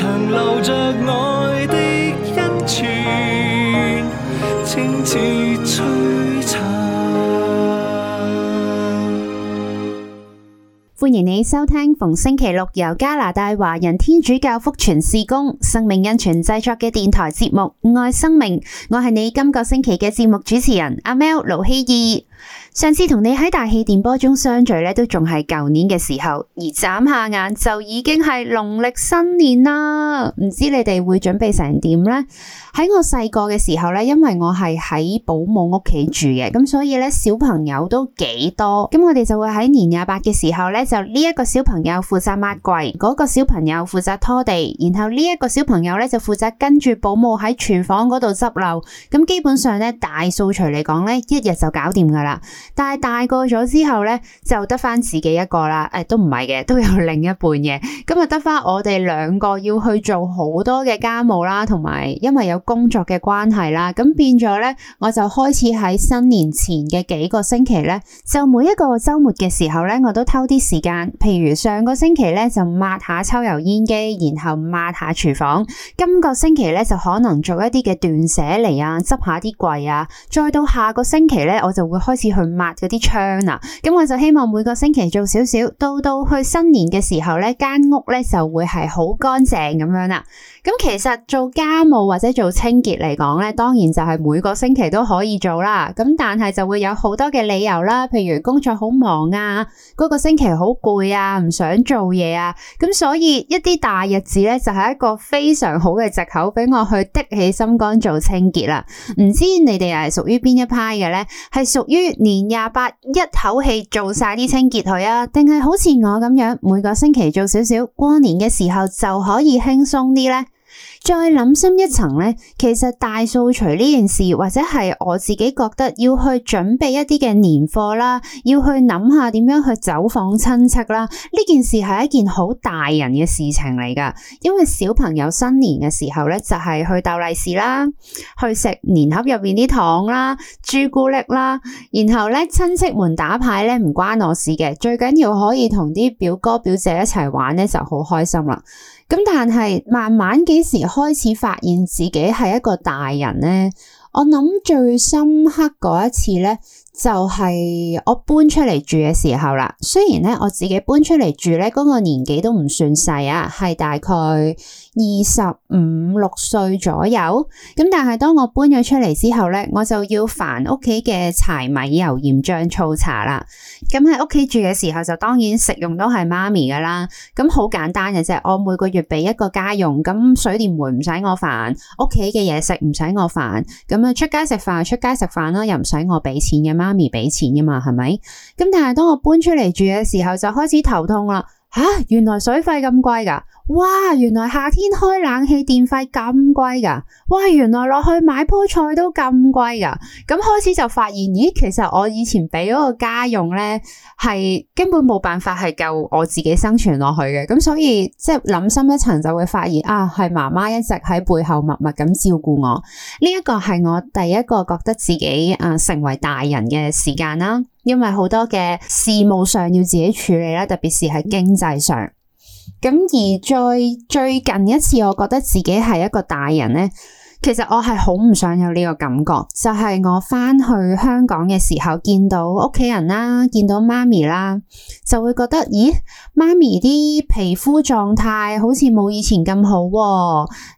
長留着愛的恩泉，清澈璀璨。歡迎你收聽逢星期六由加拿大華人天主教福傳事工生命恩泉製作嘅電台節目《愛生命》，我係你今個星期嘅節目主持人阿 Mel 盧希義。上次同你喺大氣電波中相聚咧，都仲係舊年嘅時候，而眨下眼就已經係農曆新年啦。唔知你哋會準備成點咧？喺我細個嘅時候咧，因為我係喺保姆屋企住嘅，咁所以咧，小朋友都幾多，咁我哋就會喺年廿八嘅時候咧，就呢一個小朋友負責抹櫃，嗰個小朋友負責拖地，然後呢一個小朋友咧就負責跟住保姆喺廚房嗰度執漏。咁基本上咧，大掃除嚟講咧，一日就搞掂噶啦。但係大個咗之後咧，就得返自己一個啦。誒、哎，都唔係嘅，都有另一半嘅。咁啊，得返我哋兩個要去做好多嘅家務啦，同埋因為有工作嘅關係啦，咁變咗咧，我就開始喺新年前嘅幾個星期咧，就每一個周末嘅時候咧，我都偷啲時間。譬如上個星期咧就抹下抽油煙機，然後抹下廚房。今個星期咧就可能做一啲嘅斷捨離啊，執下啲櫃啊。再到下個星期咧，我就會開始去。抹嗰啲窗啊，咁我就希望每個星期做少少，到到去新年嘅時候咧，間屋咧就會係好乾淨咁樣啦。咁其實做家務或者做清潔嚟講咧，當然就係每個星期都可以做啦。咁但係就會有好多嘅理由啦，譬如工作好忙啊，嗰個星期好攰啊，唔想做嘢啊。咁所以一啲大日子咧，就係一個非常好嘅借口俾我去的起心肝做清潔啦。唔知你哋係屬於邊一派嘅咧？係屬於年。年廿八一口氣做晒啲清潔佢啊，定係好似我咁樣每個星期做少少，過年嘅時候就可以輕鬆啲咧？再諗深一層咧，其實大掃除呢件事，或者係我自己覺得要去準備一啲嘅年貨啦，要去諗下點樣去走訪親戚啦，呢件事係一件好大人嘅事情嚟噶因為小朋友新年嘅時候咧，就係去鬥利是啦，去食年盒入邊啲糖啦、朱古力啦，然後咧親戚們打牌咧唔關我事嘅，最緊要可以同啲表哥表姐一齊玩咧就好開心啦。咁但係慢慢幾時開始發現自己係一個大人咧？我諗最深刻嗰一次咧。就係我搬出嚟住嘅時候啦。雖然咧我自己搬出嚟住咧，嗰個年紀都唔算細啊，係大概二十五六歲左右。咁但係當我搬咗出嚟之後咧，我就要煩屋企嘅柴米油鹽醬醋茶啦。咁喺屋企住嘅時候就當然食用都係媽咪噶啦。咁好簡單嘅啫，我每個月俾一個家用，咁水電煤唔使我煩，屋企嘅嘢食唔使我煩。咁啊出街食飯，出街食飯啦，又唔使我俾錢嘅嘛。媽咪俾錢噶嘛，係咪？咁，但係當我搬出嚟住嘅時候，就開始頭痛啦。吓、啊，原來水費咁貴噶，哇！原來夏天開冷氣電費咁貴噶，哇！原來落去買菠菜都咁貴噶，咁開始就發現，咦，其實我以前俾嗰個家用咧，係根本冇辦法係夠我自己生存落去嘅，咁所以即係諗深一層就會發現，啊，係媽媽一直喺背後默默咁照顧我，呢、這、一個係我第一個覺得自己啊、呃、成為大人嘅時間啦。因為好多嘅事務上要自己處理啦，特別是喺經濟上。咁而再最，最近一次，我覺得自己係一個大人咧。其實我係好唔想有呢個感覺，就係我翻去香港嘅時候，見到屋企人啦，見到媽咪啦，就會覺得咦，媽咪啲皮膚狀態好似冇以前咁好，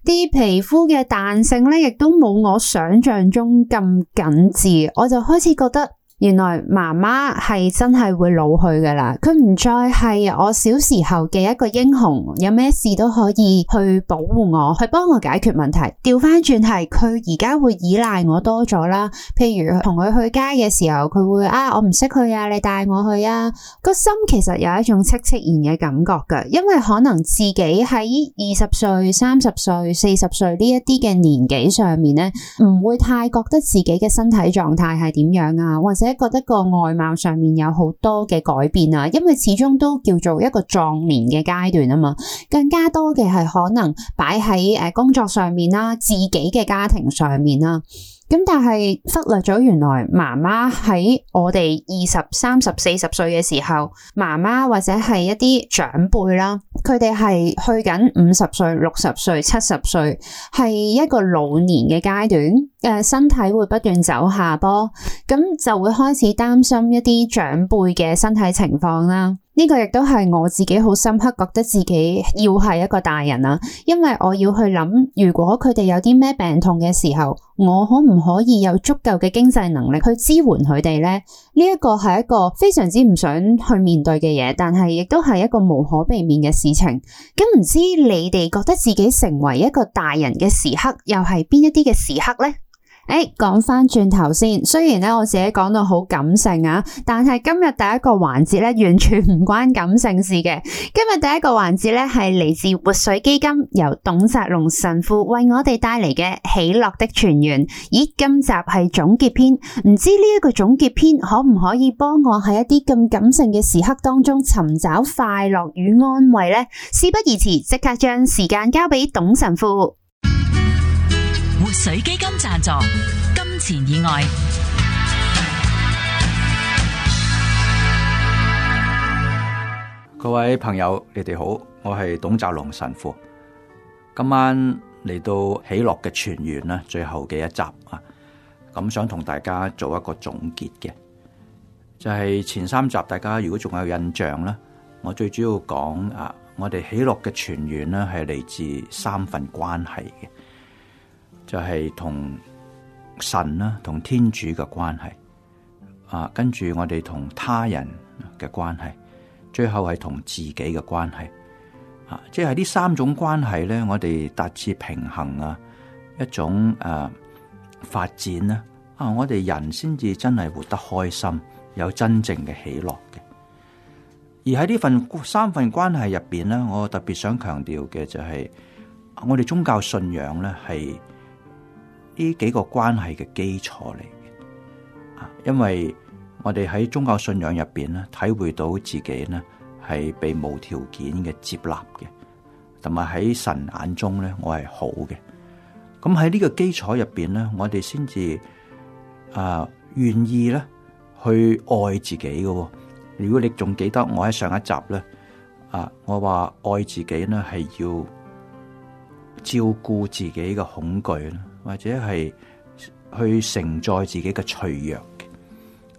啲皮膚嘅彈性咧亦都冇我想象中咁緊致，我就開始覺得。原來媽媽係真係會老去噶啦，佢唔再係我小時候嘅一個英雄，有咩事都可以去保護我，去幫我解決問題。調翻轉係佢而家會依賴我多咗啦。譬如同佢去街嘅時候，佢會啊，我唔識去啊，你帶我去啊。個心其實有一種戚戚然嘅感覺噶，因為可能自己喺二十歲、三十歲、四十歲呢一啲嘅年紀上面呢，唔會太覺得自己嘅身體狀態係點樣啊，或者。覺得個外貌上面有好多嘅改變啊，因為始終都叫做一個壯年嘅階段啊嘛，更加多嘅係可能擺喺誒工作上面啦、自己嘅家庭上面啦。咁但係忽略咗原來媽媽喺我哋二十三十四十歲嘅時候，媽媽或者係一啲長輩啦，佢哋係去緊五十歲、六十歲、七十歲，係一個老年嘅階段。身體會不斷走下坡，咁就會開始擔心一啲長輩嘅身體情況啦。呢個亦都係我自己好深刻，覺得自己要係一個大人啦，因為我要去諗，如果佢哋有啲咩病痛嘅時候，我可唔可以有足夠嘅經濟能力去支援佢哋呢？呢一個係一個非常之唔想去面對嘅嘢，但係亦都係一個無可避免嘅事情。咁唔知你哋覺得自己成為一個大人嘅時刻，又係邊一啲嘅時刻呢？誒，講返轉頭先，雖然我自己講到好感性啊，但係今日第一個環節咧完全唔關感性事嘅。今日第一個環節咧係嚟自活水基金，由董澤龍神父為我哋帶嚟嘅喜樂的泉源。咦，今集係總結篇，唔知呢一個總結篇可唔可以幫我喺一啲咁感性嘅時刻當中尋找快樂與安慰呢？事不宜遲，即刻將時間交俾董神父。水基金贊助，金錢以外，各位朋友，你哋好，我係董澤龍神父。今晚嚟到喜樂嘅泉源啦，最後嘅一集啊，咁想同大家做一個總結嘅，就係、是、前三集，大家如果仲有印象咧，我最主要講啊，我哋喜樂嘅泉源咧係嚟自三份關係嘅。就係同神啦，同天主嘅關係啊，跟住我哋同他人嘅關係，最後係同自己嘅關係啊。即係呢三種關係咧，我哋達至平衡啊，一種誒、啊、發展咧啊，我哋人先至真係活得開心，有真正嘅喜樂嘅。而喺呢份三份關係入邊咧，我特別想強調嘅就係、是、我哋宗教信仰咧係。呢幾個關係嘅基礎嚟嘅，因為我哋喺宗教信仰入邊咧，體會到自己咧係被無條件嘅接納嘅，同埋喺神眼中咧，我係好嘅。咁喺呢個基礎入邊咧，我哋先至啊願意咧去愛自己嘅。如果你仲記得我喺上一集咧啊，我話愛自己咧係要照顧自己嘅恐懼咧。或者係去承載自己嘅脆弱嘅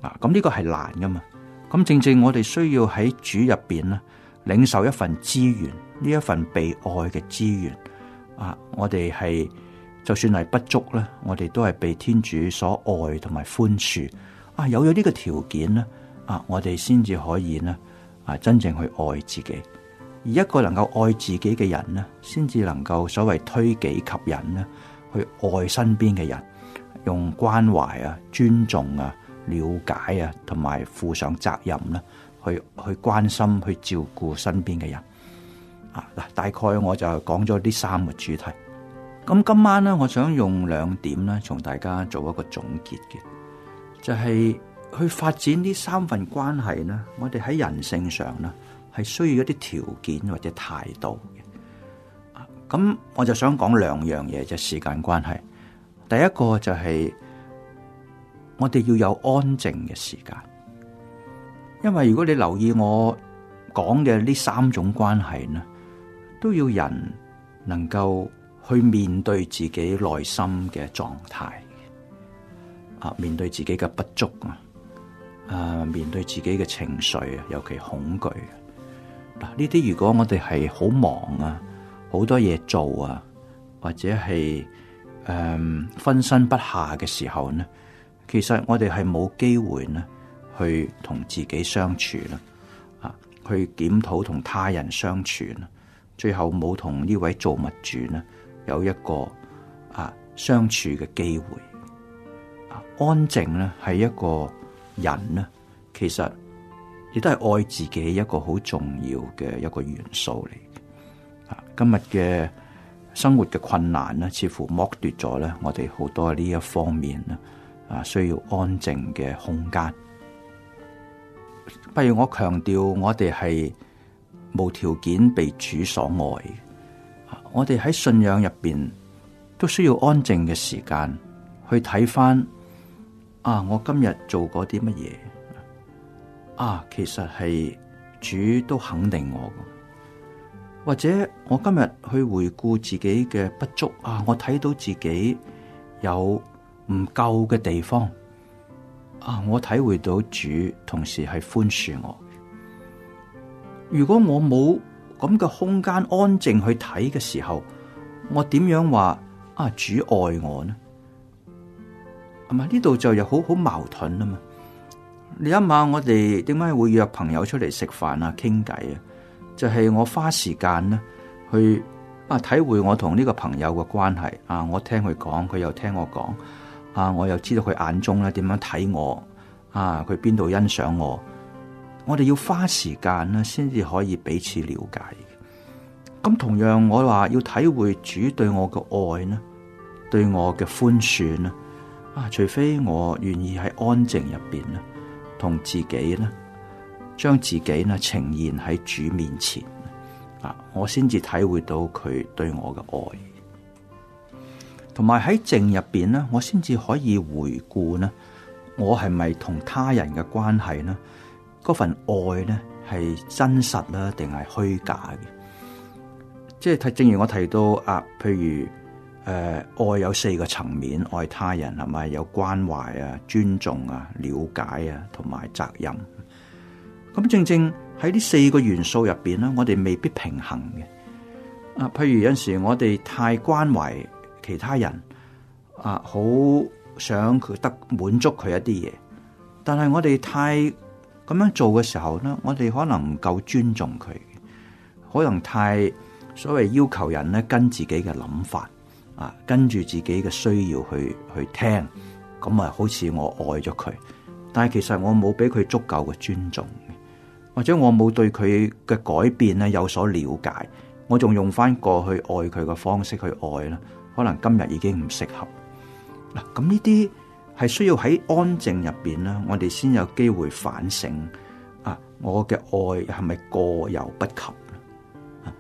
啊，咁、這、呢個係難噶嘛？咁正正我哋需要喺主入邊咧，領受一份資源，呢一份被愛嘅資源啊，我哋係就算係不足咧，我哋都係被天主所愛同埋寬恕啊！有咗呢個條件咧啊，我哋先至可以咧啊，真正去愛自己。而一個能夠愛自己嘅人呢，先至能夠所謂推己及人咧。去愛身邊嘅人，用關懷啊、尊重啊、了解啊，同埋負上責任啦，去去關心、去照顧身邊嘅人。啊，嗱，大概我就講咗呢三個主題。咁今晚咧，我想用兩點咧，同大家做一個總結嘅，就係去發展呢三份關係咧，我哋喺人性上咧係需要一啲條件或者態度。咁我就想講兩樣嘢，就時間關係。第一個就係我哋要有安靜嘅時間，因為如果你留意我講嘅呢三種關係呢，都要人能夠去面對自己內心嘅狀態，啊，面對自己嘅不足啊，誒，啊，面對自己嘅情緒啊，尤其恐懼啊。嗱，呢啲如果我哋係好忙啊。好多嘢做啊，或者係誒、嗯、分身不下嘅時候呢，其實我哋係冇機會呢，去同自己相處啦，啊，去檢討同他人相處，啊，最後冇同呢位造物主呢有一個啊相處嘅機會。啊，安靜呢係一個人呢，其實亦都係愛自己一個好重要嘅一個元素嚟嘅。今日嘅生活嘅困難咧，似乎剝奪咗咧我哋好多呢一方面啦，啊，需要安靜嘅空間。不如我強調，我哋係無條件被主所愛。我哋喺信仰入邊都需要安靜嘅時間，去睇返啊，我今日做過啲乜嘢？啊，其實係主都肯定我。或者我今日去回顧自己嘅不足啊，我睇到自己有唔夠嘅地方啊，我體會到主同時係寬恕我。如果我冇咁嘅空間安靜去睇嘅時候，我點樣話啊主愛我呢？係咪呢度就有好好矛盾啦嘛？你一晚我哋點解會約朋友出嚟食飯啊傾偈啊？就係我花時間咧去啊體會我同呢個朋友嘅關係啊，我聽佢講，佢又聽我講啊，我又知道佢眼中咧點樣睇我啊，佢邊度欣賞我，我哋要花時間咧先至可以彼此了解。咁同樣我話要體會主對我嘅愛咧，對我嘅寬恕咧啊，除非我願意喺安靜入邊咧，同自己咧。將自己呢呈現喺主面前啊，我先至體會到佢對我嘅愛，同埋喺靜入邊呢，我先至可以回顧呢，我係咪同他人嘅關係呢？嗰份愛呢係真實呢，定係虛假嘅？即係，正如我提到啊，譬如誒，愛有四個層面，愛他人係咪有關懷啊、尊重啊、了解啊，同埋責任。咁正正喺呢四個元素入邊咧，我哋未必平衡嘅。啊，譬如有陣時我哋太關懷其他人，啊，好想佢得滿足佢一啲嘢，但係我哋太咁樣做嘅時候咧，我哋可能唔夠尊重佢，可能太所謂要求人咧跟自己嘅諗法，啊，跟住自己嘅需要去去聽，咁啊好似我愛咗佢，但係其實我冇俾佢足夠嘅尊重。或者我冇對佢嘅改變咧有所了解，我仲用翻過去愛佢嘅方式去愛咧，可能今日已經唔適合。嗱，咁呢啲係需要喺安靜入邊咧，我哋先有機會反省啊，我嘅愛係咪過猶不及？啊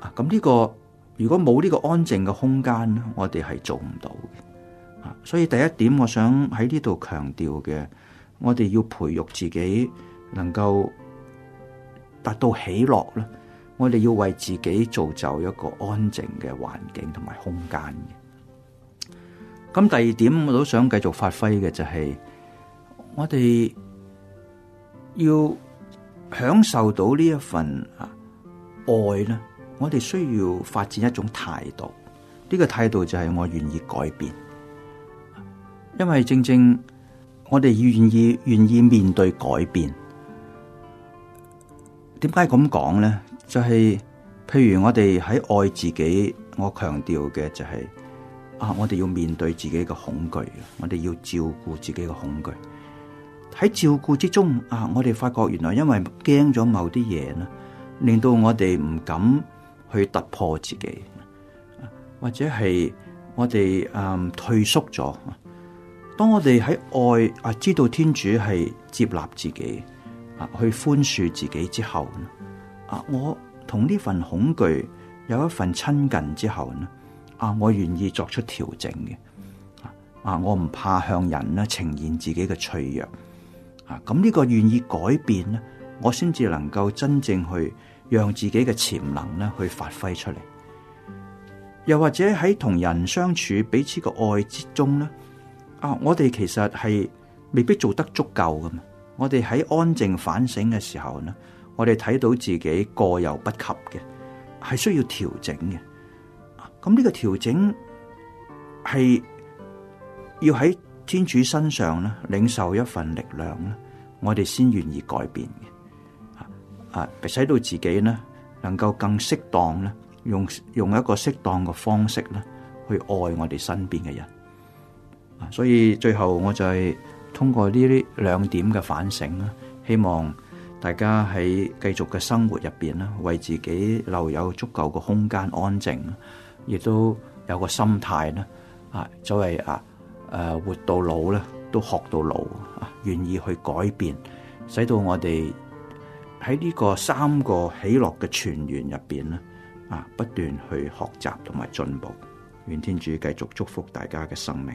啊，這個，咁呢個如果冇呢個安靜嘅空間咧，我哋係做唔到嘅。啊，所以第一點我，我想喺呢度強調嘅，我哋要培育自己能夠。達到喜樂咧，我哋要為自己造就一個安靜嘅環境同埋空間嘅。咁第二點我都想繼續發揮嘅就係，我哋要享受到呢一份愛咧，我哋需要發展一種態度，呢個態度就係我願意改變，因為正正我哋願意願意面對改變。點解咁講咧？就係譬如我哋喺愛自己，我強調嘅就係啊，我哋要面對自己嘅恐懼，我哋要照顧自己嘅恐懼。喺照顧之中啊，我哋發覺原來因為驚咗某啲嘢咧，令到我哋唔敢去突破自己，或者係我哋啊、嗯、退縮咗。當我哋喺愛啊，知道天主係接納自己。啊，去寬恕自己之後啊，我同呢份恐懼有一份親近之後呢，啊，我願意作出調整嘅。啊，我唔怕向人呢呈現自己嘅脆弱。啊，咁、這、呢個願意改變呢，我先至能夠真正去讓自己嘅潛能呢去發揮出嚟。又或者喺同人相處彼此嘅愛之中呢，啊，我哋其實係未必做得足夠噶嘛。我哋喺安靜反省嘅時候呢，我哋睇到自己過猶不及嘅，係需要調整嘅。咁呢個調整係要喺天主身上呢，領受一份力量呢，我哋先願意改變嘅啊，使到自己呢能夠更適當呢，用用一個適當嘅方式呢，去愛我哋身邊嘅人。啊，所以最後我就係。通過呢啲兩點嘅反省啦，希望大家喺繼續嘅生活入邊啦，為自己留有足夠嘅空間安靜，亦都有個心態咧，啊，作為啊，誒、呃、活到老咧都學到老，啊願意去改變，使到我哋喺呢個三個喜樂嘅泉源入邊咧，啊不斷去學習同埋進步，願天主繼續祝福大家嘅生命。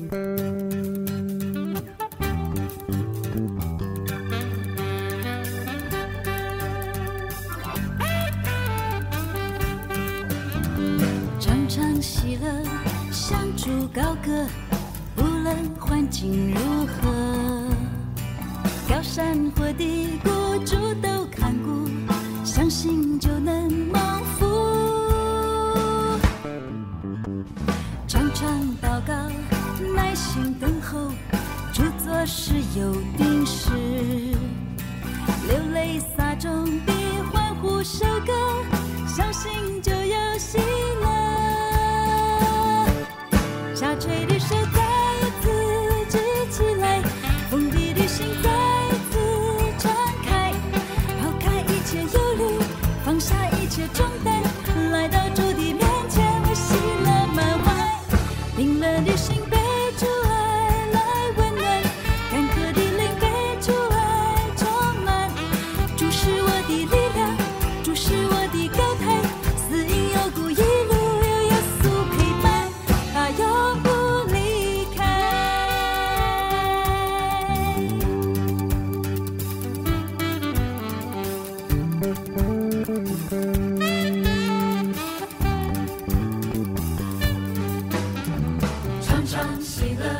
唱喜樂。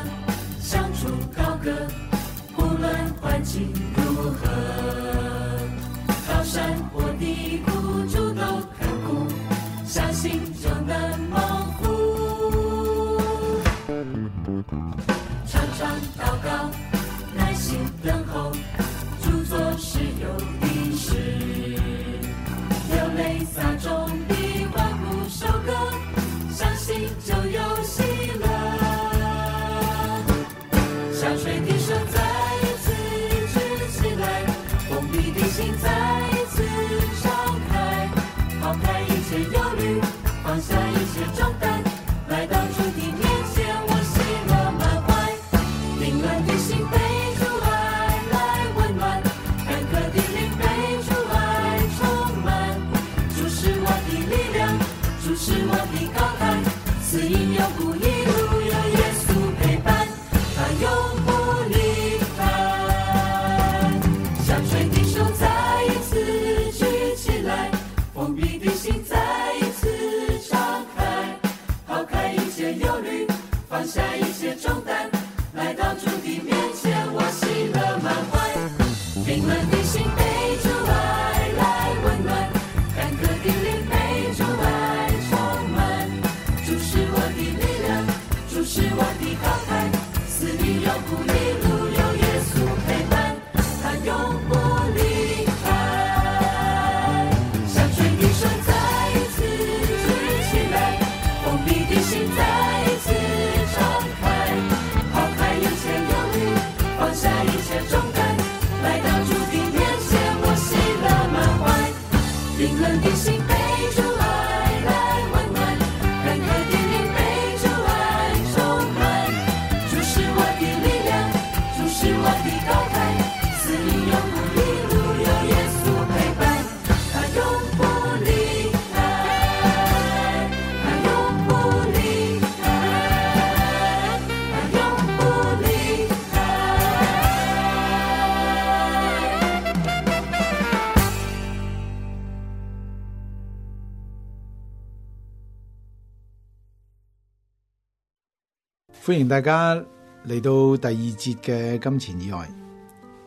歡迎大家嚟到第二節嘅金錢以外，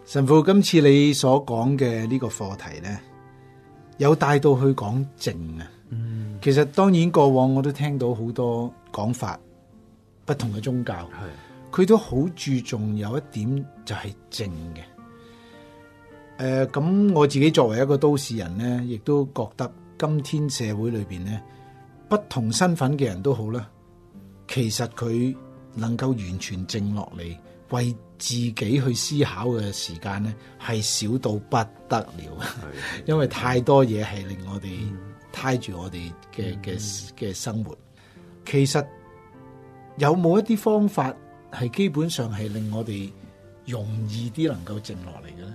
神父，今次你所講嘅呢個課題呢，有帶到去講靜啊。嗯，其實當然過往我都聽到好多講法，不同嘅宗教，佢的都好注重有一點就係靜嘅。誒、呃，咁我自己作為一個都市人呢，亦都覺得今天社會裏邊呢，不同身份嘅人都好啦，其實佢。能夠完全靜落嚟，為自己去思考嘅時間咧，係少到不得了。的因為太多嘢係令我哋攤住我哋嘅嘅嘅生活。其實有冇一啲方法係基本上係令我哋容易啲能夠靜落嚟嘅咧？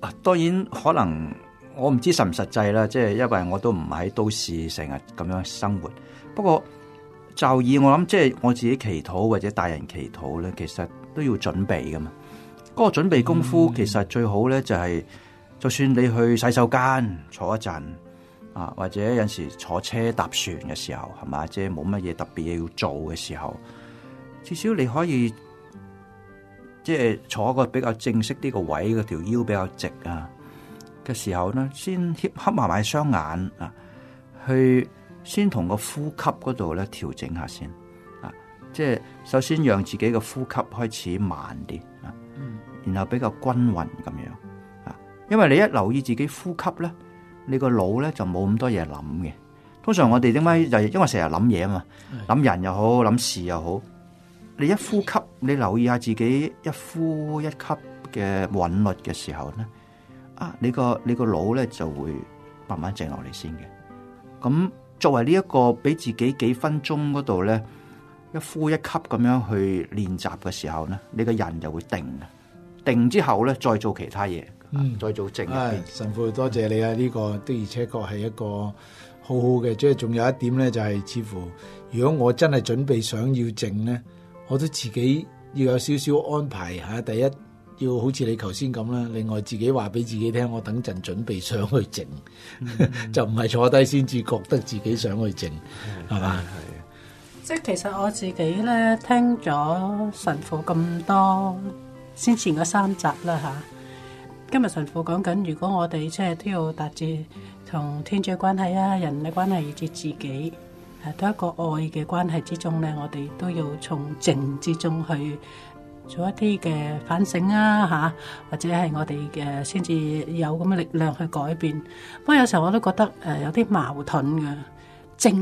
啊，當然可能我唔知實唔實際啦，即係因為我都唔喺都市成日咁樣生活。不過就以我諗，即係我自己祈禱或者大人祈禱咧，其實都要準備噶嘛。嗰、那個準備功夫，其實最好咧就係、是，嗯、就算你去洗手間坐一陣啊，或者有陣時坐車搭船嘅時候，係嘛，即係冇乜嘢特別嘢要做嘅時候，至少你可以即係、就是、坐一個比較正式啲個位，嗰條腰比較直啊嘅時候咧，先闔埋埋雙眼啊，去。先同個呼吸嗰度咧調整下先，啊，即係首先讓自己嘅呼吸開始慢啲，啊，然後比較均勻咁樣，啊，因為你一留意自己呼吸咧，你個腦咧就冇咁多嘢諗嘅。通常我哋點解就是、因為成日諗嘢啊嘛，諗是人又好，諗事又好，你一呼吸，你留意下自己一呼一吸嘅韻律嘅時候咧，啊，你個你個腦咧就會慢慢靜落嚟先嘅，咁、啊。啊作為呢、這、一個俾自己幾分鐘嗰度咧，一呼一吸咁樣去練習嘅時候咧，你、這個人就會定嘅，定之後咧再做其他嘢，嗯、再做靜。係、啊、神父多謝你啊！呢、嗯、個的而且確係一個好好嘅，即係仲有一點咧，就係、是、似乎如果我真係準備想要靜咧，我都自己要有少少安排吓，第一。要好似你頭先咁啦，另外自己話俾自己聽，我等陣準備想去靜，mm hmm. 就唔係坐低先至覺得自己想去靜，係嘛、mm？係、hmm. 吧即係其實我自己咧聽咗神父咁多先前嗰三集啦吓、啊，今日神父講緊，如果我哋即係都要達至同天主關係啊、人嘅關係，以致自己喺、啊、一個愛嘅關係之中咧，我哋都要從靜之中去。做一啲嘅反省啊，吓、啊，或者係我哋嘅先至有咁嘅力量去改變。不過有時候我都覺得誒、呃、有啲矛盾嘅，靜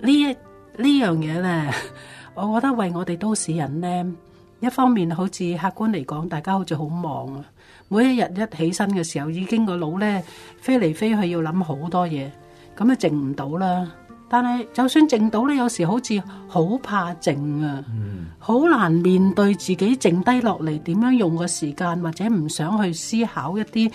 呢一呢樣嘢咧，我覺得為我哋都市人咧，一方面好似客觀嚟講，大家好似好忙啊，每一日一起身嘅時候已經個腦咧飛嚟飛去要諗好多嘢，咁啊靜唔到啦。但係就算靜到咧，有時好似好怕靜啊，好、嗯、難面對自己靜低落嚟點樣用個時間，或者唔想去思考一啲誒、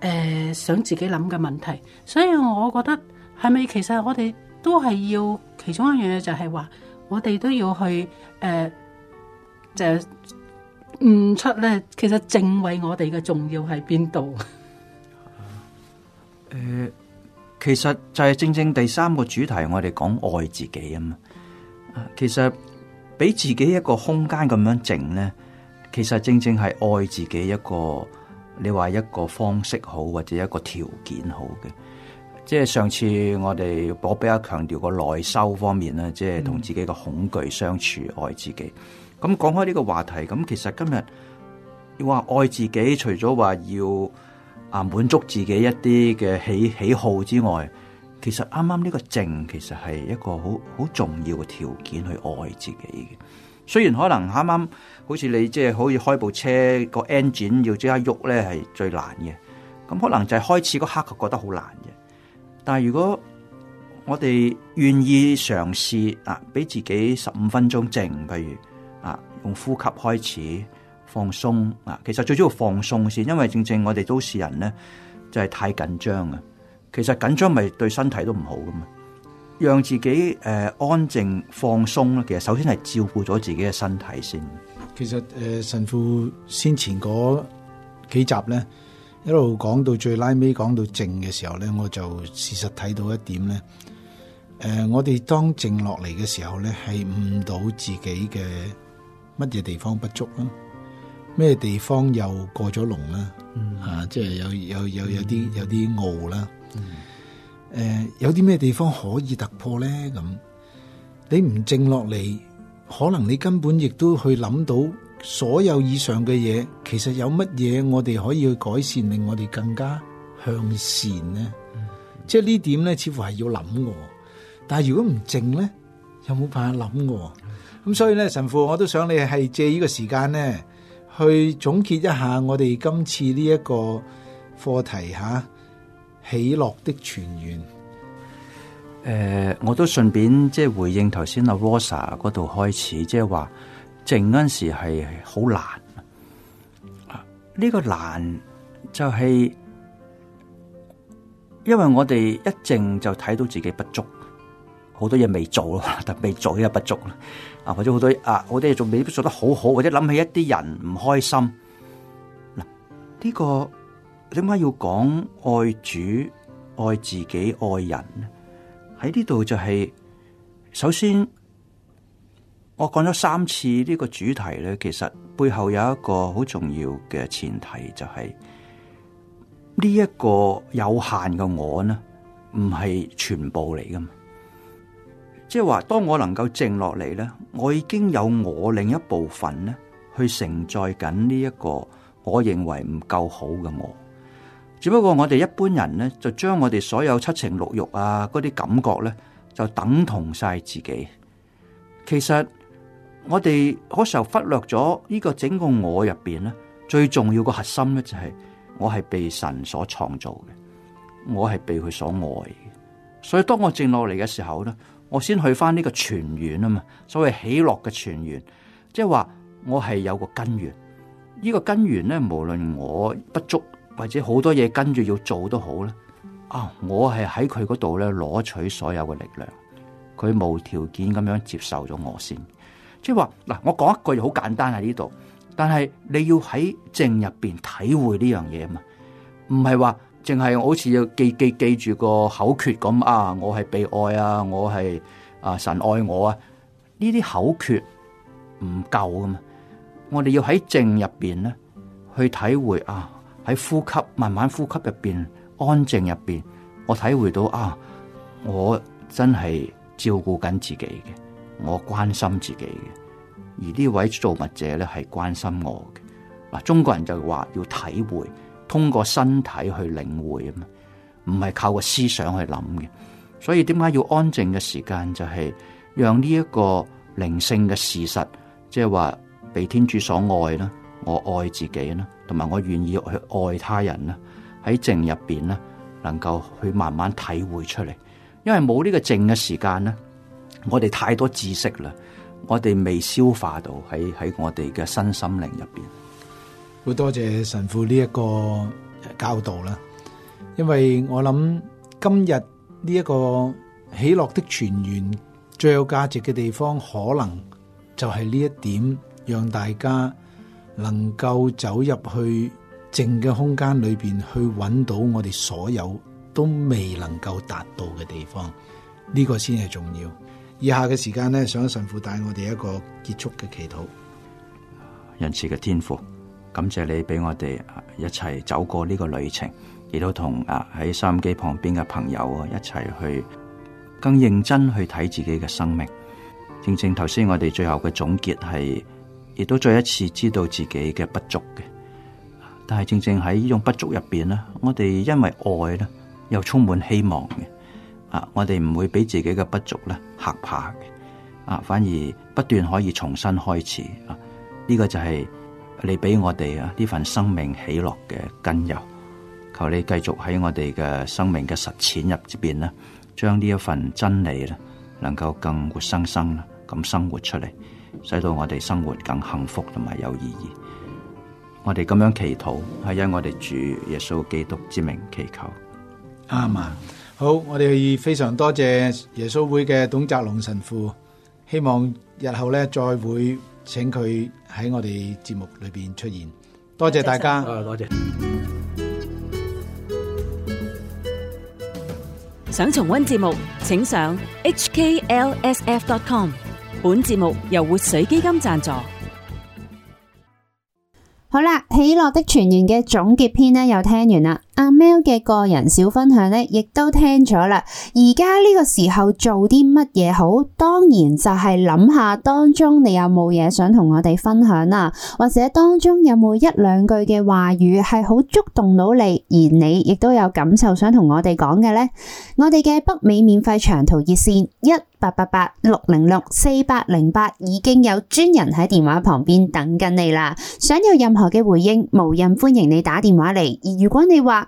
呃、想自己諗嘅問題。所以我覺得係咪其實我哋都係要其中一樣嘢，就係話我哋都要去誒、呃、就悟出咧，其實靜為我哋嘅重要喺邊度？誒、啊。呃其實就係正正第三個主題，我哋講愛自己啊嘛。其實俾自己一個空間咁樣靜咧，其實正正係愛自己一個，你話一個方式好或者一個條件好嘅。即係上次我哋我比較強調個內修方面啦，即係同自己嘅恐懼相處，愛自己。咁、嗯、講開呢個話題，咁其實今日話愛自己，除咗話要。啊，滿足自己一啲嘅喜喜好之外，其實啱啱呢個靜其實係一個好好重要嘅條件去愛自己嘅。雖然可能啱啱好似你即係可以開部車，個 engine 要即刻喐咧係最難嘅。咁、嗯、可能就係開始嗰刻覺得好難嘅。但係如果我哋願意嘗試啊，俾自己十五分鐘靜，譬如啊，用呼吸開始。放鬆啊，其實最主要放鬆先，因為正正我哋都市人咧，就係、是、太緊張啊。其實緊張咪對身體都唔好噶嘛讓自己誒、呃、安靜放鬆啦。其實首先係照顧咗自己嘅身體先。其實誒、呃、神父先前嗰幾集咧，一路講到最拉尾，講到靜嘅時候咧，我就事實睇到一點咧。誒、呃，我哋當靜落嚟嘅時候咧，係悟到自己嘅乜嘢地方不足啦。咩地方又過咗龍啦？吓、嗯啊，即係有有有有啲有啲傲啦。誒，有啲咩、嗯呃、地方可以突破咧？咁你唔靜落嚟，可能你根本亦都去諗到所有以上嘅嘢。其實有乜嘢我哋可以去改善，令我哋更加向善咧？嗯、即係呢點咧，似乎係要諗嘅。但係如果唔靜咧，又冇辦法諗嘅？咁、嗯、所以咧，神父，我都想你係借呢個時間咧。去總結一下我哋今次呢一個課題吓，喜樂的泉源，誒、呃，我都順便即係回應頭先阿 Rosa 嗰度開始，即係話靜嗰陣時係好難，呢、這個難就係因為我哋一靜就睇到自己不足，好多嘢未做咯，但未做嘅不足。啊，或者好多啊，好多嘢仲未必做得好好，或者諗起一啲人唔開心。嗱、這個，呢個點解要講愛主、愛自己、愛人？喺呢度就係、是、首先，我講咗三次呢個主題咧，其實背後有一個好重要嘅前提、就是，就係呢一個有限嘅我呢，唔係全部嚟噶嘛。即係話，當我能夠靜落嚟咧，我已經有我另一部分咧，去承載緊呢一個我認為唔夠好嘅我。只不過我哋一般人咧，就將我哋所有七情六欲啊，嗰啲感覺咧，就等同晒自己。其實我哋嗰時候忽略咗呢個整個我入邊咧，最重要嘅核心咧就係，我係被神所創造嘅，我係被佢所愛嘅。所以當我靜落嚟嘅時候咧。我先去翻呢個泉源啊嘛，所謂喜樂嘅泉源，即係話我係有個根源，呢個根源咧，無論我不足或者好多嘢跟住要做都好啦。啊，我係喺佢嗰度咧攞取所有嘅力量，佢無條件咁樣接受咗我先，即係話嗱，我講一句又好簡單喺呢度，但係你要喺正入邊體會呢樣嘢啊嘛，唔係話。淨係好似要記記記住個口訣咁啊，我係被愛啊，我係啊神愛我啊，呢啲口訣唔夠噶嘛，我哋要喺靜入邊咧去體會啊，喺呼吸慢慢呼吸入邊安靜入邊，我體會到啊，我真係照顧緊自己嘅，我關心自己嘅，而呢位造物者咧係關心我嘅，嗱，中國人就話要體會。通過身體去領會啊嘛，唔係靠個思想去諗嘅，所以點解要安靜嘅時間就係、是、讓呢一個靈性嘅事實，即係話被天主所愛啦，我愛自己啦，同埋我願意去愛他人啦，喺靜入邊咧，能夠去慢慢體會出嚟。因為冇呢個靜嘅時間咧，我哋太多知識啦，我哋未消化到喺喺我哋嘅身心靈入邊。好多謝神父呢一個教導啦，因為我諗今日呢一個喜樂的泉源最有價值嘅地方，可能就係呢一點，讓大家能夠走入去靜嘅空間裏邊去揾到我哋所有都未能夠達到嘅地方，呢個先係重要。以下嘅時間咧，想神父帶我哋一個結束嘅祈禱，仁慈嘅天父。感謝你俾我哋一齊走過呢個旅程，亦都同啊喺收音機旁邊嘅朋友啊一齊去更認真去睇自己嘅生命。正正頭先我哋最後嘅總結係，亦都再一次知道自己嘅不足嘅。但係正正喺呢種不足入邊咧，我哋因為愛咧，又充滿希望嘅啊，我哋唔會俾自己嘅不足咧嚇怕嘅啊，反而不斷可以重新開始啊。呢個就係。你俾我哋啊！呢份生命喜樂嘅根由，求你繼續喺我哋嘅生命嘅實踐入邊咧，將呢一份真理咧，能夠更活生生咁生活出嚟，使到我哋生活更幸福同埋有意義。我哋咁樣祈禱，係因我哋主耶穌基督之名祈求。阿們。啊，好，我哋非常多謝耶穌會嘅董澤龍神父，希望日後咧再會。請佢喺我哋節目裏邊出現，多謝大家。多謝。想重温節目，請上 hklsf.com。本節目由活水基金讚助。好啦，《喜樂的傳言》嘅總結篇呢，又聽完啦。阿 Mel 嘅個人小分享呢，亦都聽咗啦。而家呢個時候做啲乜嘢好？當然就係諗下當中你有冇嘢想同我哋分享啦，或者當中有冇一兩句嘅話語係好觸動到你，而你亦都有感受想同我哋講嘅呢。我哋嘅北美免費長途熱線一八八八六零六四八零八，已經有專人喺電話旁邊等緊你啦。想有任何嘅回應，無任歡迎你打電話嚟。而如果你話，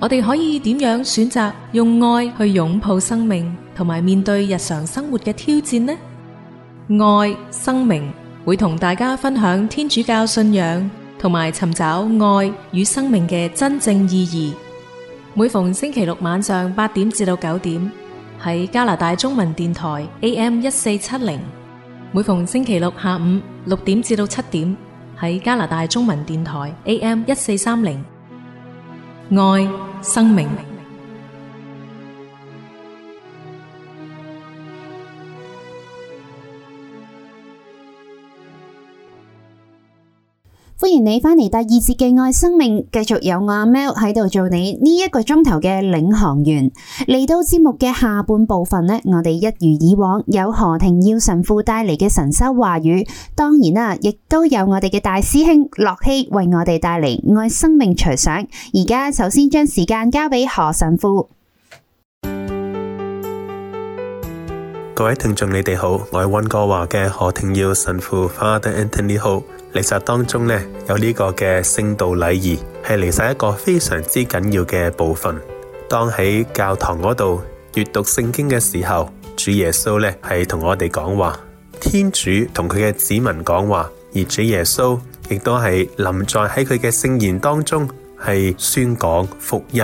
我哋可以點樣選擇用愛去擁抱生命，同埋面對日常生活嘅挑戰呢？愛生命會同大家分享天主教信仰，同埋尋找愛與生命嘅真正意義。每逢星期六晚上八點至到九點，喺加拿大中文電台 AM 一四七零；每逢星期六下午六點至到七點，喺加拿大中文電台 AM 一四三零。愛。生命。歡迎你返嚟第二節嘅愛生命，繼續有我阿 Mel 喺度，做你呢一個鐘頭嘅領航員。嚟到節目嘅下半部分呢，我哋一如以往有何庭耀神父帶嚟嘅神修話語，當然啦，亦都有我哋嘅大師兄駱曦為我哋帶嚟愛生命隨想。而家首先將時間交畀何神父。各位聽眾，你哋好，我係溫哥華嘅何庭耀神父 Father Anthony Ho。禮習當中呢，有呢個嘅聖道禮儀係嚟晒一個非常之緊要嘅部分。當喺教堂嗰度閱讀聖經嘅時候，主耶穌呢係同我哋講話，天主同佢嘅子民講話，而主耶穌亦都係臨在喺佢嘅聖言當中係宣講福音。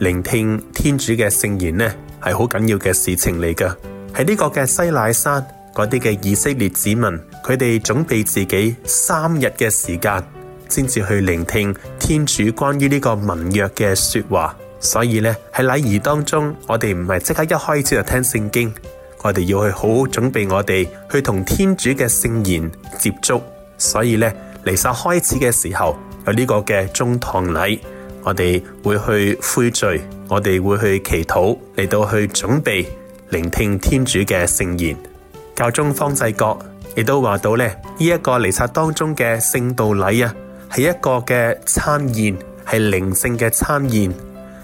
聆聽天主嘅聖言呢，係好緊要嘅事情嚟噶。喺呢個嘅西乃山，嗰啲嘅以色列子民，佢哋準備自己三日嘅時間，先至去聆聽天主關於呢個盟約嘅說話。所以呢，喺禮儀當中，我哋唔係即刻一開始就聽聖經，我哋要去好好準備我哋去同天主嘅聖言接觸。所以呢，彌撒開始嘅時候，有呢個嘅中堂禮，我哋會去悔罪，我哋會去祈禱，嚟到去準備。聆聽天主嘅聖言，教宗方濟各亦都話到咧，呢、這、一個彌撒當中嘅聖道禮啊，係一個嘅餐宴，係靈性嘅餐宴。呢、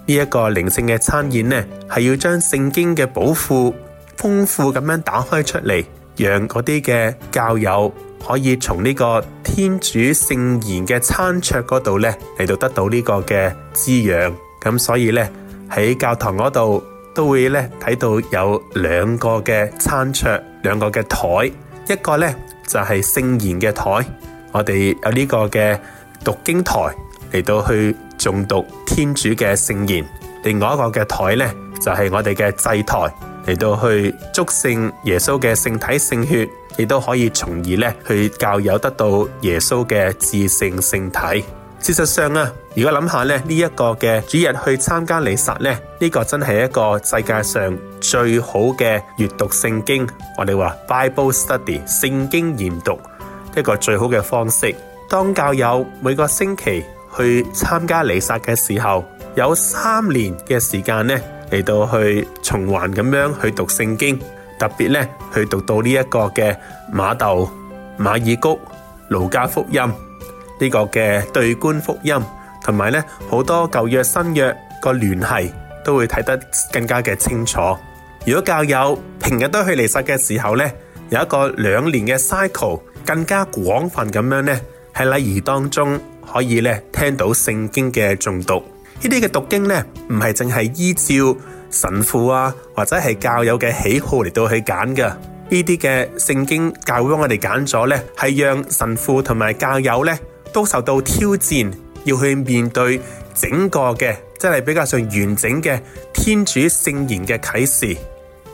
這、一個靈性嘅餐宴呢，係要將聖經嘅寶庫豐富咁樣打開出嚟，讓嗰啲嘅教友可以從呢個天主聖言嘅餐桌嗰度呢嚟到得到呢個嘅滋養。咁所以呢，喺教堂嗰度，都會咧睇到有兩個嘅餐桌，兩個嘅台，一個咧就係、是、聖言嘅台，我哋有呢個嘅讀經台嚟到去誦讀天主嘅聖言；另外一個嘅台咧就係、是、我哋嘅祭台嚟到去祝聖耶穌嘅聖體聖血，亦都可以從而咧去教友得到耶穌嘅至聖聖體。事實上，如果諗下咧，呢、這、一個嘅主日去參加彌撒咧，呢、這個真係一個世界上最好嘅閱讀聖經，我哋話 Bible study 聖經研讀一個最好嘅方式。當教友每個星期去參加彌撒嘅時候，有三年嘅時間咧嚟到去循環咁樣去讀聖經，特別咧去讀到呢一個嘅瑪竇、馬爾谷、路加福音。呢個嘅對觀福音，同埋咧好多舊約新約個聯繫，都會睇得更加嘅清楚。如果教友平日都去離世嘅時候咧，有一個兩年嘅 cycle，更加廣泛咁樣咧，喺禮儀當中可以咧聽到聖經嘅讀經呢。呢啲嘅讀經咧，唔係淨係依照神父啊或者係教友嘅喜好嚟到去揀嘅。呢啲嘅聖經教會幫我哋揀咗咧，係讓神父同埋教友咧。都受到挑戰，要去面對整個嘅，即係比較上完整嘅天主聖言嘅啟示。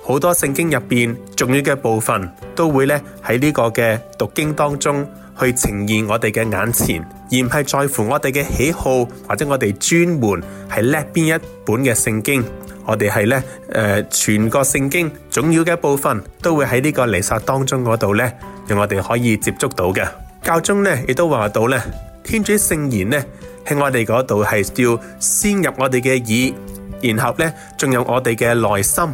好多聖經入邊重要嘅部分，都會咧喺呢個嘅讀經當中去呈現我哋嘅眼前，而唔係在乎我哋嘅喜好或者我哋專門係叻邊一本嘅聖經。我哋係咧誒，全個聖經重要嘅部分都會喺呢個彌撒當中嗰度咧，讓我哋可以接觸到嘅。教宗咧亦都話到咧，天主聖言咧喺我哋嗰度係要先入我哋嘅耳，然後咧仲有我哋嘅內心，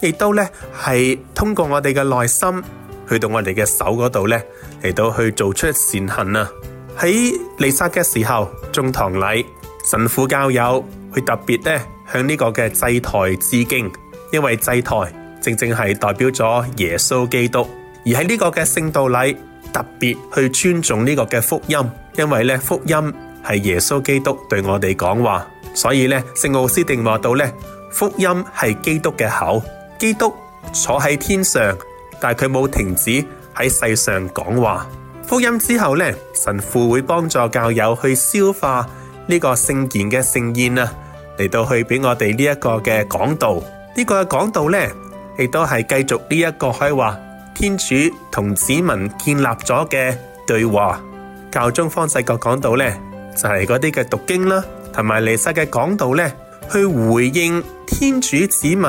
亦都咧係通過我哋嘅內心去到我哋嘅手嗰度咧，嚟到去做出善行啊！喺彌撒嘅時候，眾堂禮神父教友會特別咧向呢個嘅祭台致敬，因為祭台正正係代表咗耶穌基督，而喺呢個嘅聖道禮。特別去尊重呢個嘅福音，因為咧福音係耶穌基督對我哋講話，所以咧聖奧斯定話到咧，福音係基督嘅口，基督坐喺天上，但係佢冇停止喺世上講話。福音之後咧，神父會幫助教友去消化呢個聖言嘅盛宴啊，嚟到去俾我哋呢一個嘅講道，呢個嘅講道咧亦都係繼續呢一個開話。天主同子民建立咗嘅對話，教宗方濟各講到呢，就係嗰啲嘅讀經啦，同埋彌撒嘅講道呢，去回應天主子民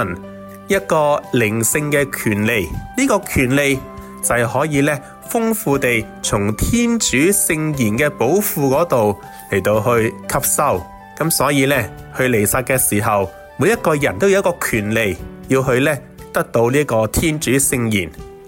一個靈性嘅權利。呢、這個權利就係可以呢豐富地從天主聖言嘅寶庫嗰度嚟到去吸收。咁所以呢，去彌撒嘅時候，每一個人都有一個權利要去呢得到呢個天主聖言。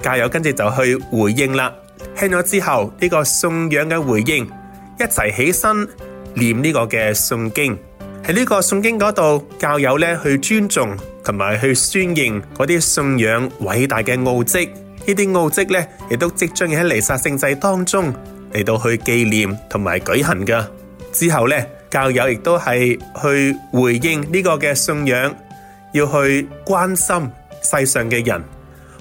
教友跟住就去回應啦，聽咗之後呢個信仰嘅回應，一齊起身念呢個嘅信經。喺呢個信經嗰度，教友呢去尊重同埋去宣揚嗰啲信仰偉大嘅奧蹟，呢啲奧蹟呢亦都即將喺彌撒聖祭當中嚟到去紀念同埋舉行噶。之後呢，教友亦都係去回應呢個嘅信仰，要去關心世上嘅人。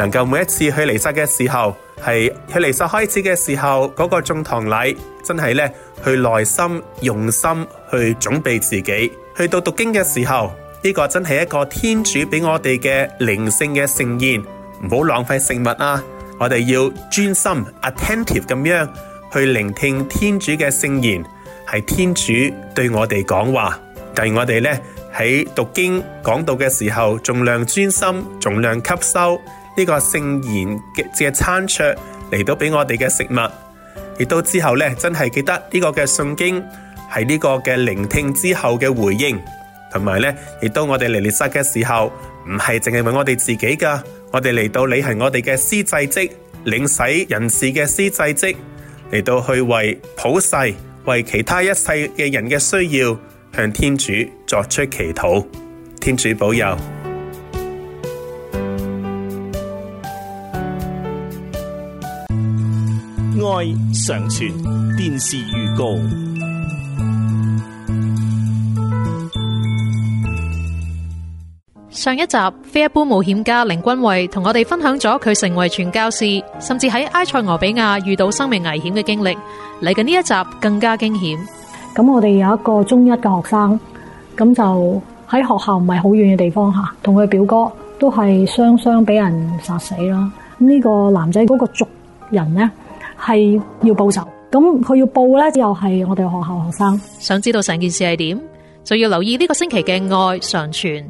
能夠每一次去彌撒嘅時候，係去彌撒開始嘅時候，嗰、那個眾堂禮真係咧去內心用心去準備自己。去到讀經嘅時候，呢、這個真係一個天主俾我哋嘅靈性嘅盛宴，唔好浪費食物啊！我哋要專心、attentive 咁樣去聆聽天主嘅聖言，係天主對我哋講話。第二，我哋咧喺讀經講到嘅時候，盡量專心，盡量吸收。呢個聖言嘅嘅餐桌嚟到俾我哋嘅食物，亦都之後咧真係記得呢個嘅信經係呢個嘅聆聽之後嘅回應，同埋咧亦都我哋嚟列塞嘅時候，唔係淨係為我哋自己噶，我哋嚟到你係我哋嘅司祭職領洗人士嘅司祭職嚟到去為普世為其他一世嘅人嘅需要向天主作出祈禱，天主保佑。愛常傳電視預告。上一集《非一般冒險家》凌君偉同我哋分享咗佢成為傳教士，甚至喺埃塞俄比亞遇到生命危險嘅經歷。嚟緊呢一集更加驚險。咁我哋有一個中一嘅學生，咁就喺學校唔係好遠嘅地方吓，同佢表哥都係雙雙俾人殺死啦。咁呢個男仔嗰個族人呢，係要報仇，咁佢要報呢，就係我哋學校學生。想知道成件事係點，就要留意呢個星期嘅愛常傳。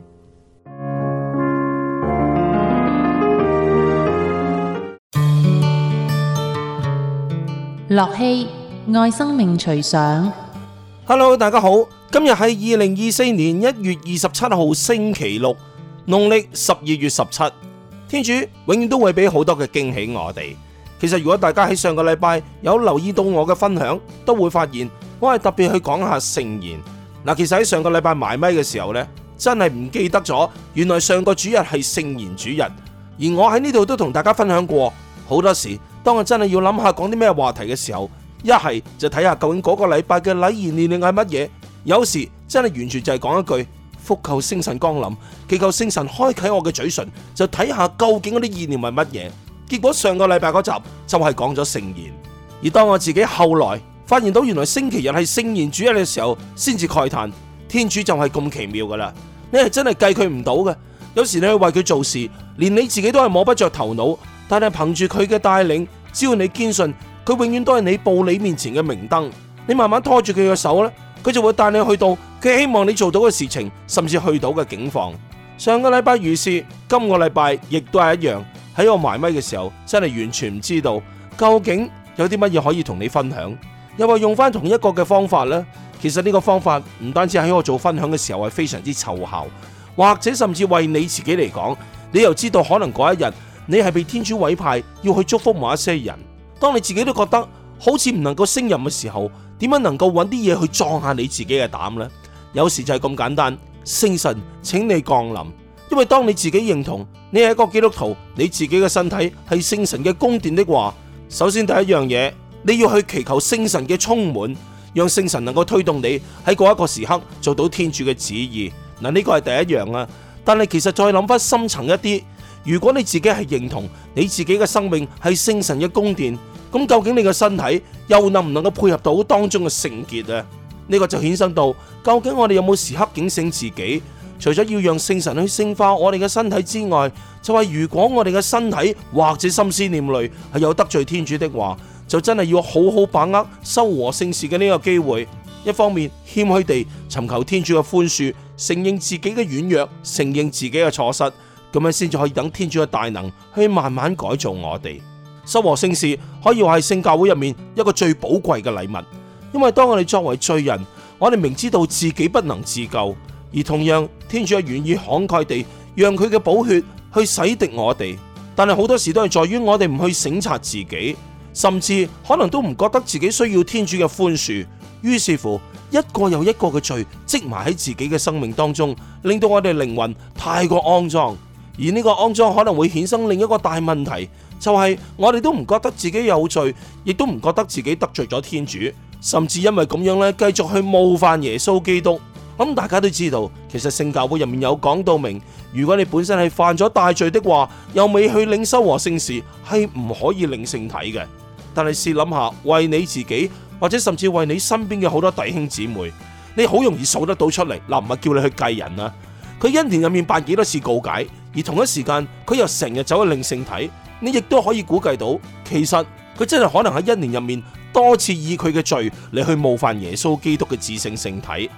駱曦愛生命隨想。Hello，大家好，今日係二零二四年一月二十七號星期六，農曆十二月十七。天主永遠都會俾好多嘅驚喜我哋。其實如果大家喺上個禮拜有留意到我嘅分享，都會發現我係特別去講下聖言。嗱，其實喺上個禮拜埋咪嘅時候呢，真係唔記得咗，原來上個主日係聖言主日，而我喺呢度都同大家分享過好多時。當我真係要諗下講啲咩話題嘅時候，一係就睇下究竟嗰個禮拜嘅禮儀意念係乜嘢，有時真係完全就係講一句，伏求聖神光臨，祈求聖神開啟我嘅嘴唇，就睇下究竟嗰啲意念係乜嘢。結果上個禮拜嗰集就係講咗聖言，而當我自己後來發現到原來星期日係聖言主日嘅時候，先至慨嘆天主就係咁奇妙噶啦！你係真係計佢唔到嘅，有時你去為佢做事，連你自己都係摸不着頭腦，但係憑住佢嘅帶領，只要你堅信，佢永遠都係你步你面前嘅明燈。你慢慢拖住佢嘅手咧，佢就會帶你去到佢希望你做到嘅事情，甚至去到嘅境況。上個禮拜如是，今個禮拜亦都係一樣。喺我埋咪嘅時候，真係完全唔知道究竟有啲乜嘢可以同你分享。又話用翻同一個嘅方法呢，其實呢個方法唔單止喺我做分享嘅時候係非常之湊效，或者甚至為你自己嚟講，你又知道可能嗰一日你係被天主委派要去祝福某一些人。當你自己都覺得好似唔能夠勝任嘅時候，點樣能夠揾啲嘢去壯下你自己嘅膽呢？有時就係咁簡單，聖神，請你降臨。因為當你自己認同你係一個基督徒，你自己嘅身體係聖神嘅宮殿的話，首先第一樣嘢你要去祈求聖神嘅充滿，讓聖神能夠推動你喺嗰一個時刻做到天主嘅旨意。嗱，呢個係第一樣啊，但係其實再諗翻深層一啲，如果你自己係認同你自己嘅生命係聖神嘅宮殿，咁究竟你嘅身體又能唔能夠配合到當中嘅聖潔啊？呢個就衍生到究竟我哋有冇時刻警醒自己？除咗要讓聖神去聖化我哋嘅身體之外，就係、是、如果我哋嘅身體或者心思念慮係有得罪天主的話，就真係要好好把握修和聖事嘅呢個機會。一方面謙虛地尋求天主嘅寬恕，承認自己嘅軟弱，承認自己嘅錯失，咁樣先至可以等天主嘅大能去慢慢改造我哋。修和聖事可以話係聖教會入面一個最寶貴嘅禮物，因為當我哋作為罪人，我哋明知道自己不能自救，而同樣。天主願意慷慨地讓佢嘅寶血去洗滌我哋，但係好多時都係在於我哋唔去省察自己，甚至可能都唔覺得自己需要天主嘅寬恕。於是乎，一個又一個嘅罪積埋喺自己嘅生命當中，令到我哋靈魂太過骯髒。而呢個骯髒可能會衍生另一個大問題，就係我哋都唔覺得自己有罪，亦都唔覺得自己得罪咗天主，甚至因為咁樣呢，繼續去冒犯耶穌基督。咁大家都知道，其實聖教會入面有講到明，如果你本身係犯咗大罪的話，又未去領修和聖事，係唔可以領聖體嘅。但係試諗下，為你自己或者甚至為你身邊嘅好多弟兄姊妹，你好容易數得到出嚟嗱，唔係叫你去計人啊。佢一年入面辦幾多次告解，而同一時間佢又成日走去領聖體，你亦都可以估計到，其實佢真係可能喺一年入面多次以佢嘅罪嚟去冒犯耶穌基督嘅至聖聖體。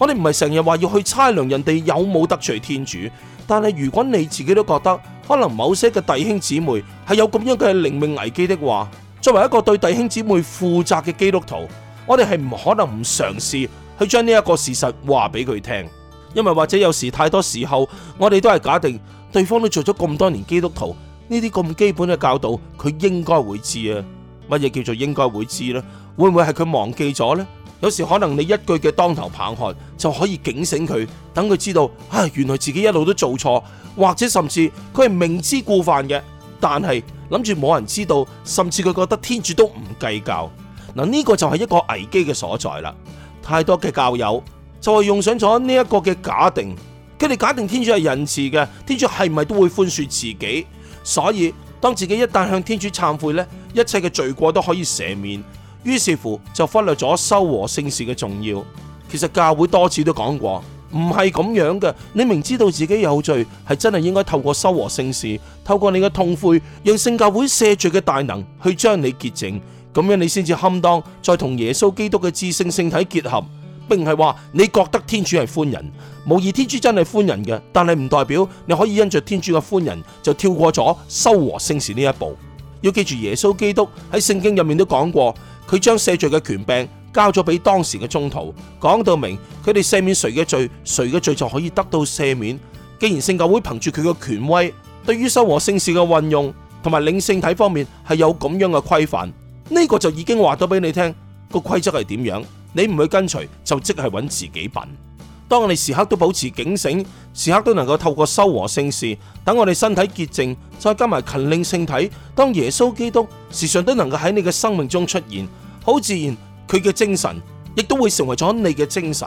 我哋唔係成日話要去猜量人哋有冇得罪天主，但係如果你自己都覺得可能某些嘅弟兄姊妹係有咁樣嘅靈命危機的話，作為一個對弟兄姊妹負責嘅基督徒，我哋係唔可能唔嘗試去將呢一個事實話俾佢聽，因為或者有時太多時候我哋都係假定對方都做咗咁多年基督徒，呢啲咁基本嘅教導佢應該會知啊，乜嘢叫做應該會知呢？會唔會係佢忘記咗呢？有時可能你一句嘅當頭棒喝就可以警醒佢，等佢知道啊，原來自己一路都做錯，或者甚至佢係明知故犯嘅，但係諗住冇人知道，甚至佢覺得天主都唔計較。嗱、這、呢個就係一個危機嘅所在啦。太多嘅教友就係、是、用上咗呢一個嘅假定，佢哋假定天主係仁慈嘅，天主係咪都會寬恕自己？所以當自己一旦向天主懺悔呢，一切嘅罪過都可以赦免。於是乎就忽略咗修和聖事嘅重要。其實教會多次都講過，唔係咁樣嘅。你明知道自己有罪，係真係應該透過修和聖事，透過你嘅痛悔，讓聖教會赦罪嘅大能去將你潔淨。咁樣你先至堪當再同耶穌基督嘅至聖聖體結合，並唔係話你覺得天主係寬仁，無疑天主真係寬仁嘅，但係唔代表你可以因着天主嘅寬仁就跳過咗修和聖事呢一步。要記住，耶穌基督喺聖經入面都講過。佢將赦罪嘅權柄交咗俾當時嘅宗徒，講到明佢哋赦免誰嘅罪，誰嘅罪就可以得到赦免。既然聖教會憑住佢嘅權威，對於修和聖事嘅運用同埋領聖體方面係有咁樣嘅規範，呢個就已經話到俾你聽，個規則係點樣。你唔去跟隨，就即係揾自己笨。當我哋時刻都保持警醒，時刻都能夠透過修和聖事，等我哋身體潔淨，再加埋勤領聖體，當耶穌基督時常都能夠喺你嘅生命中出現，好自然，佢嘅精神亦都會成為咗你嘅精神，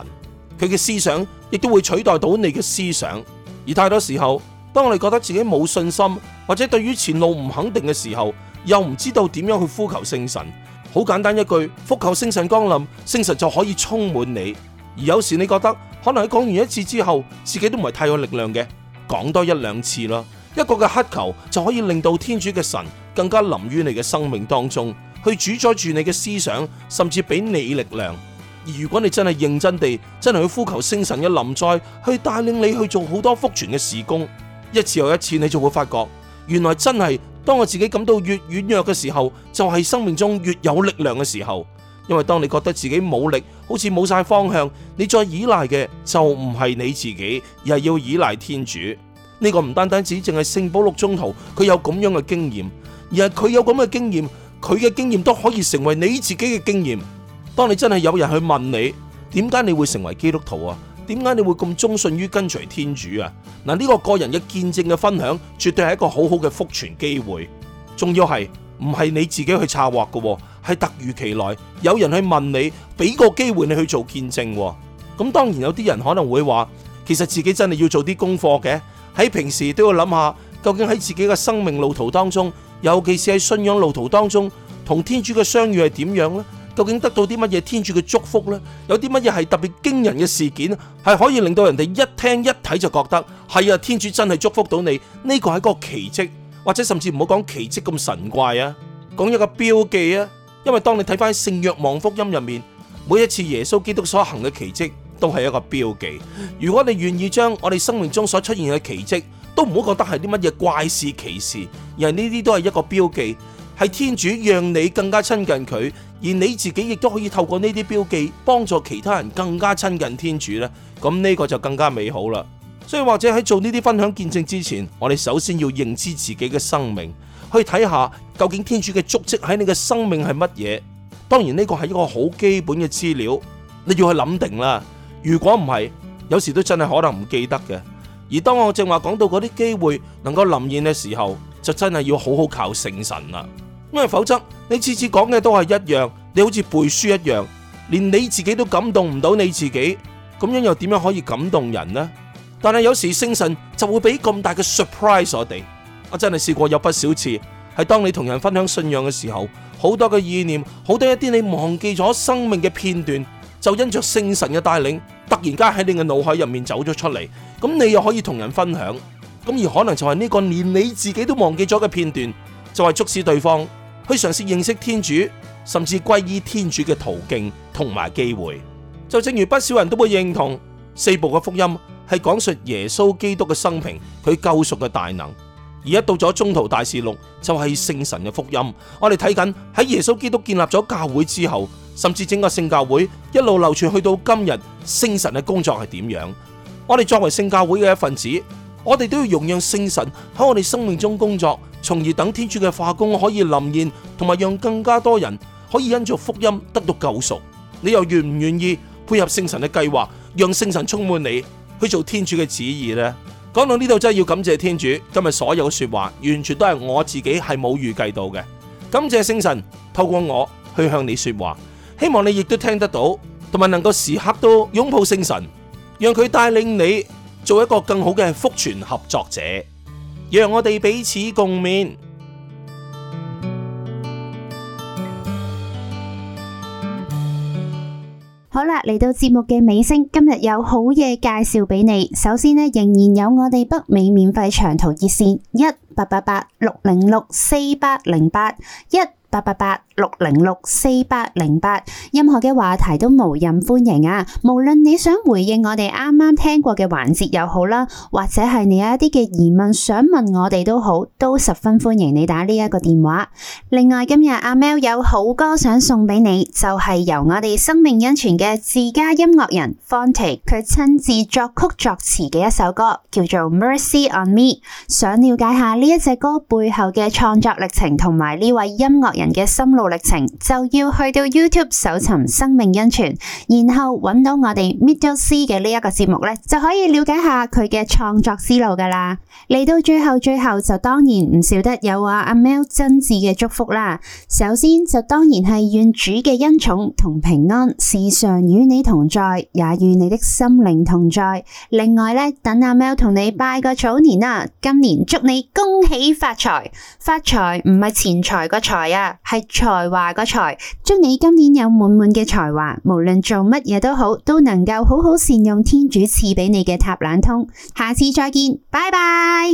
佢嘅思想亦都會取代到你嘅思想。而太多時候，當我哋覺得自己冇信心，或者對於前路唔肯定嘅時候，又唔知道點樣去呼求聖神。好簡單一句，伏求聖神光臨，聖神就可以充滿你。而有時你覺得可能喺講完一次之後，自己都唔係太有力量嘅，講多一兩次啦，一個嘅乞求就可以令到天主嘅神更加臨於你嘅生命當中，去主宰住你嘅思想，甚至俾你力量。而如果你真係認真地，真係去呼求聖神嘅臨在，去帶領你去做好多福傳嘅事工，一次又一次，你就會發覺，原來真係當我自己感到越軟弱嘅時候，就係、是、生命中越有力量嘅時候。因為當你覺得自己冇力，好似冇晒方向，你再依賴嘅就唔係你自己，而係要依賴天主。呢個唔單單止淨係聖保祿宗徒佢有咁樣嘅經驗，而係佢有咁嘅經驗，佢嘅經驗都可以成為你自己嘅經驗。當你真係有人去問你，點解你會成為基督徒啊？點解你會咁忠信於跟隨天主啊？嗱，呢個個人嘅見證嘅分享，絕對係一個好好嘅福傳機會。仲要係唔係你自己去策劃嘅。係突如其來，有人去問你，俾個機會你去做見證。咁當然有啲人可能會話，其實自己真係要做啲功課嘅。喺平時都要諗下，究竟喺自己嘅生命路途當中，尤其是喺信仰路途當中，同天主嘅相遇係點樣呢？究竟得到啲乜嘢天主嘅祝福呢？有啲乜嘢係特別驚人嘅事件，係可以令到人哋一聽一睇就覺得係啊，天主真係祝福到你，呢個係一個奇蹟，或者甚至唔好講奇蹟咁神怪啊，講一個標記啊。因為當你睇翻《聖約望福音》入面，每一次耶穌基督所行嘅奇蹟，都係一個標記。如果你願意將我哋生命中所出現嘅奇蹟，都唔好覺得係啲乜嘢怪事奇事，而係呢啲都係一個標記，係天主讓你更加親近佢，而你自己亦都可以透過呢啲標記，幫助其他人更加親近天主咧。咁呢個就更加美好啦。所以或者喺做呢啲分享見證之前，我哋首先要認知自己嘅生命。去睇下究竟天主嘅足跡喺你嘅生命係乜嘢？當然呢個係一個好基本嘅資料，你要去諗定啦。如果唔係，有時都真係可能唔記得嘅。而當我正話講到嗰啲機會能夠臨現嘅時候，就真係要好好靠聖神啦。因為否則你次次講嘅都係一樣，你好似背書一樣，連你自己都感動唔到你自己，咁樣又點樣可以感動人呢？但係有時聖神就會俾咁大嘅 surprise 我哋。我真係試過有不少次，係當你同人分享信仰嘅時候，好多嘅意念，好多一啲你忘記咗生命嘅片段，就因着聖神嘅帶領，突然間喺你嘅腦海入面走咗出嚟。咁你又可以同人分享，咁而可能就係呢個連你自己都忘記咗嘅片段，就係、是、促使對方去嘗試認識天主，甚至歸依天主嘅途徑同埋機會。就正如不少人都會認同，四部嘅福音係講述耶穌基督嘅生平，佢救贖嘅大能。而家到咗宗徒大事錄就係聖神嘅福音，我哋睇緊喺耶穌基督建立咗教會之後，甚至整個聖教會一路流傳去到今日，聖神嘅工作係點樣？我哋作為聖教會嘅一份子，我哋都要容讓聖神喺我哋生命中工作，從而等天主嘅化工可以臨現，同埋讓更加多人可以因着福音得到救贖。你又願唔願意配合聖神嘅計劃，讓聖神充滿你去做天主嘅旨意呢？講到呢度真係要感謝天主，今日所有說話完全都係我自己係冇預計到嘅，感謝聖神透過我去向你說話，希望你亦都聽得到，同埋能夠時刻都擁抱聖神，讓佢帶領你做一個更好嘅福傳合作者，讓我哋彼此共勉。好啦，嚟到節目嘅尾聲，今日有好嘢介紹畀你。首先呢，仍然有我哋北美免費長途熱線一八八八六零六四八零八一八八八，六零六四八零八，任何嘅話題都無任歡迎啊！無論你想回應我哋啱啱聽過嘅環節又好啦，或者係你有一啲嘅疑問想問我哋都好，都十分歡迎你打呢一個電話。另外今日阿 Mel 有好歌想送俾你，就係由我哋生命恩泉嘅自家音樂人 Fonty 佢親自作曲作詞嘅一首歌，叫做 Mercy on Me。想了解下呢一隻歌背後嘅創作歷程同埋呢位音樂人嘅心路。歷程就要去到 YouTube 搜尋生命恩泉，然後揾到我哋 Middle C 嘅呢一個節目呢，就可以了解下佢嘅創作思路噶啦。嚟到最後最後就當然唔少得有話、啊、阿 Mel 真摯嘅祝福啦。首先就當然係願主嘅恩寵同平安時常與你同在，也與你的心靈同在。另外呢，等阿 Mel 同你拜個早年啊，今年祝你恭喜發財，發財唔係錢財個財啊，係財。才華個才，祝你今年有滿滿嘅才華，無論做乜嘢都好，都能夠好好善用天主賜俾你嘅塔冷通。下次再見，拜拜。